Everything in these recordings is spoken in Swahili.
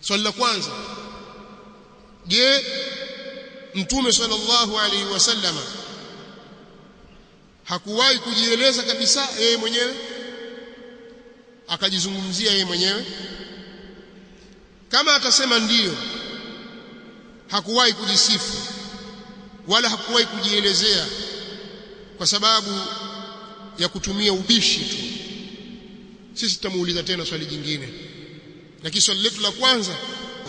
swali la kwanza je mtume sallallahu alaihi wasallam hakuwahi kujieleza kabisa yeye mwenyewe akajizungumzia yeye mwenyewe kama atasema ndiyo hakuwahi kujisifu wala hakuwahi kujielezea kwa sababu ya kutumia ubishi tu sisi tutamuuliza tena swali jingine lakini swali letu la kwanza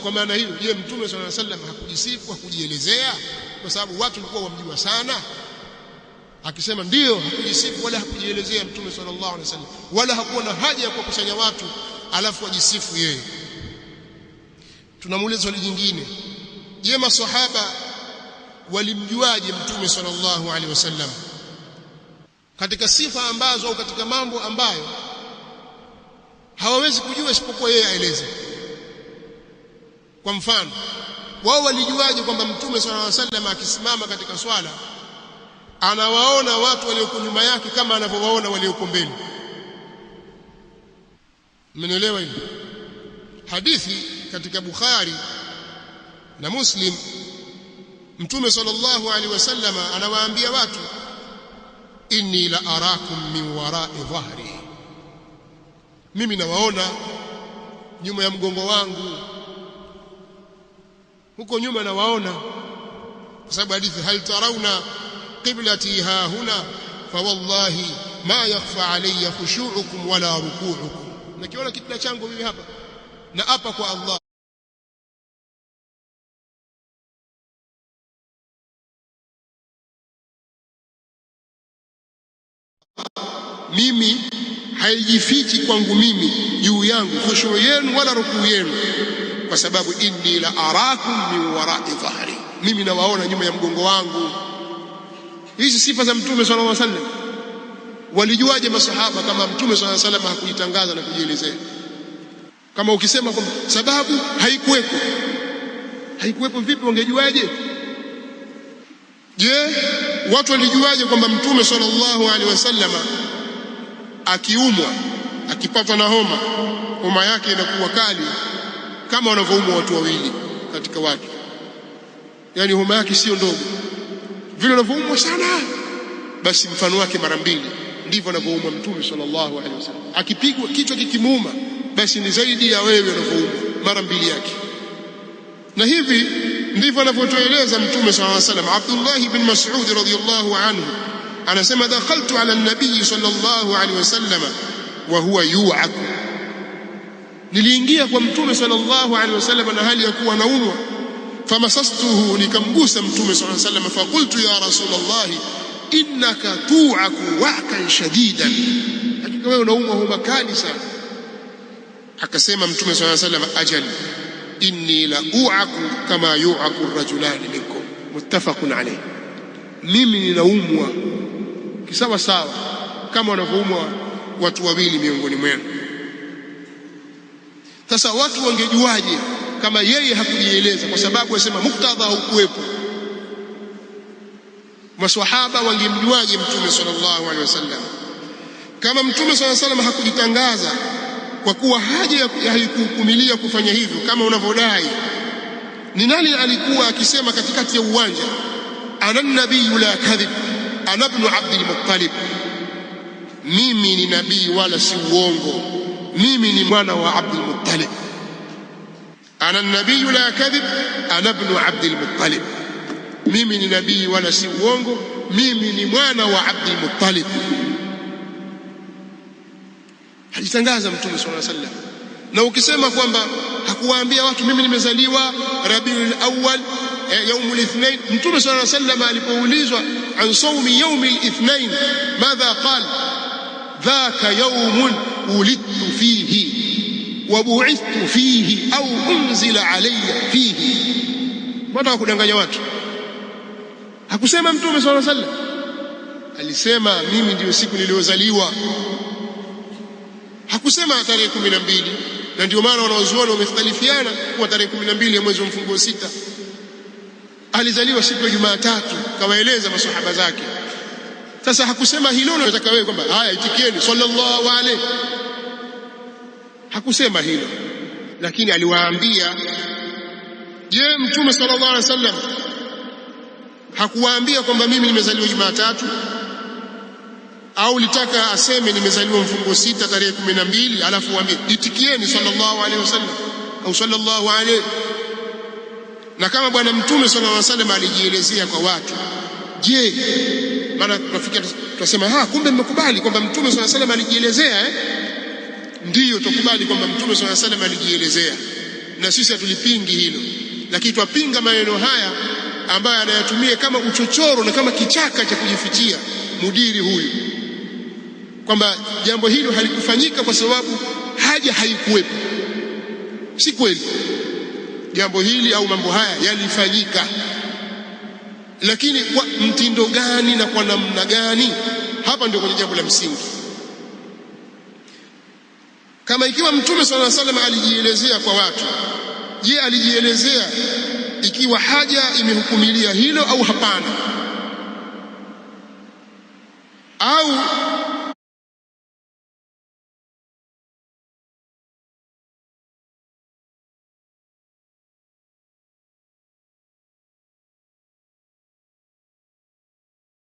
kwa maana hiyo je mtume sallallahu alaihi wasallam hakujisifu hakujielezea kwa sababu watu walikuwa wamjua sana akisema ndiyo hakujisifu wala hakujielezea mtume sallallahu alaihi wasallam wala hakuwa na haja ya kuwakusanya watu alafu wajisifu yeye tunamuuliza swali jingine je maswahaba walimjuaje mtume sallallahu alaihi wasallam katika sifa ambazo au katika mambo ambayo hawawezi kujua isipokuwa yeye aeleze. Kwa mfano, wao walijuaje kwamba Mtume sallallahu alaihi wasallam akisimama katika swala anawaona watu walioko nyuma yake kama anavyowaona walioko mbele? Mmenielewa hili? Hadithi katika Bukhari na Muslim, Mtume sallallahu alaihi wasallam anawaambia watu, inni la arakum min wara'i dhahri mimi nawaona nyuma ya mgongo wangu huko nyuma nawaona kwa sababu hadithi hal tarauna qiblati ha huna fawallahi ma yakhfa alayya khushu'ukum wala ruku'ukum nakiona kitna changu mimi hapa na hapa kwa Allah mimi haijifichi kwangu mimi juu yangu khushu yenu wala rukuu yenu, kwa sababu inni la arakum min warai dhahri, mimi nawaona nyuma ya mgongo wangu. Hizi sifa za Mtume sallallahu alaihi wasallam walijuaje masahaba kama Mtume sallallahu alaihi wasallam hakujitangaza na kujielezea? Kama ukisema kwamba sababu haikuwepo, haikuwepo vipi? Wangejuaje? Je, watu walijuaje kwamba Mtume sallallahu alaihi wasallam akiumwa akipatwa na homa, homa yake inakuwa kali kama wanavyoumwa watu wawili katika watu, yaani homa yake sio ndogo vile wanavyoumwa sana, basi mfano wake mara mbili ndivyo anavyoumwa Mtume sallallahu alaihi wasallam. Akipigwa kichwa kikimuuma, basi ni zaidi ya wewe anavyoumwa mara mbili yake. Na hivi ndivyo anavyotueleza Mtume sallallahu alaihi wasallam. Abdullah bin Mas'ud radhiyallahu anhu anasema dakhaltu ala nabii sallallahu alaihi wasallam wa huwa yu'ak, niliingia kwa mtume sallallahu alaihi wasallam na hali ya kuwa naumwa. Famasastuhu, nikamgusa mtume sallallahu alaihi wasallam. Faqultu ya rasulallahi innaka tu'aku wa'kan shadidan, hakika wewe unaumwa homa kali sana. Akasema mtume sallallahu alaihi wasallam, ajal inni la u'aku kama yu'aku rajulani minkum, muttafaqun alayh. Mimi ninaumwa kisawa sawa kama wanavyoumwa watu wawili miongoni mwenu. Sasa watu wangejuaje kama yeye hakujieleza? Kwa sababu asema muktadha haukuwepo. Maswahaba wangemjuaje Mtume sallallahu alaihi wasallam kama Mtume sallallahu alaihi wasallam hakujitangaza kwa kuwa haja haikuhukumilia kufanya hivyo kama unavyodai. Ni nani alikuwa akisema katikati ya uwanja, ana nabiyu la kadhib ana bnu Abdil Muttalib, mimi ni nabii wala si uongo, mimi ni mwana wa Abdil Ana nabiyu la kadhib, ana bnu Abdil mimi ni nabii wala si uongo, mimi ni mwana wa Abdil alitangaza Mtume sallallahu alaihi wasallam. Na ukisema kwamba hakuwaambia watu mimi nimezaliwa Rabiul Awwal, eh, yaumul Ithnain. Mtume sallallahu alaihi wasallam alipoulizwa عن صوم يوم الاثنين ماذا قال ذاك يوم ولدت فيه وبعثت fihi au unzila alayya fihi. Mbona kudanganya watu? Hakusema Mtume sallallahu alayhi wasallam, alisema mimi ndiyo siku niliyozaliwa. Hakusema tarehe kumi na mbili, na ndio maana wanawazuoni wamekhtalifiana kuwa tarehe kumi na mbili ya mwezi wa mfunguo sita alizaliwa siku ya Jumatatu, kawaeleza masahaba zake. Sasa hakusema hilo, nataka wewe kwamba haya itikieni sallallahu alaihi, hakusema hilo, lakini aliwaambia. Je, mtume sallallahu alaihi wasallam hakuwaambia kwamba mimi nimezaliwa Jumatatu? Au litaka aseme nimezaliwa mfungo sita tarehe kumi na mbili alafu waambie itikieni sallallahu alaihi wasallam au sallallahu alaihi na kama Bwana Mtume sallallahu alaihi wasallam alijielezea kwa watu, je, maana tunafikia tunasema, ha, ah, kumbe mmekubali kwamba Mtume sallallahu alaihi wasallam alijielezea eh? Ndiyo, tukubali kwamba Mtume sallallahu alaihi wasallam alijielezea, na sisi hatulipingi hilo, lakini twapinga maneno haya ambayo anayatumia kama uchochoro na kama kichaka cha kujifichia mudiri huyu, kwamba jambo hilo halikufanyika kwa sababu haja haikuwepo. Si kweli jambo hili au mambo haya yalifanyika, lakini kwa mtindo gani na kwa namna gani? Hapa ndio kwenye jambo la msingi. Kama ikiwa Mtume sallallahu alaihi wasallam alijielezea kwa watu, je, alijielezea ikiwa haja imehukumilia hilo au hapana? au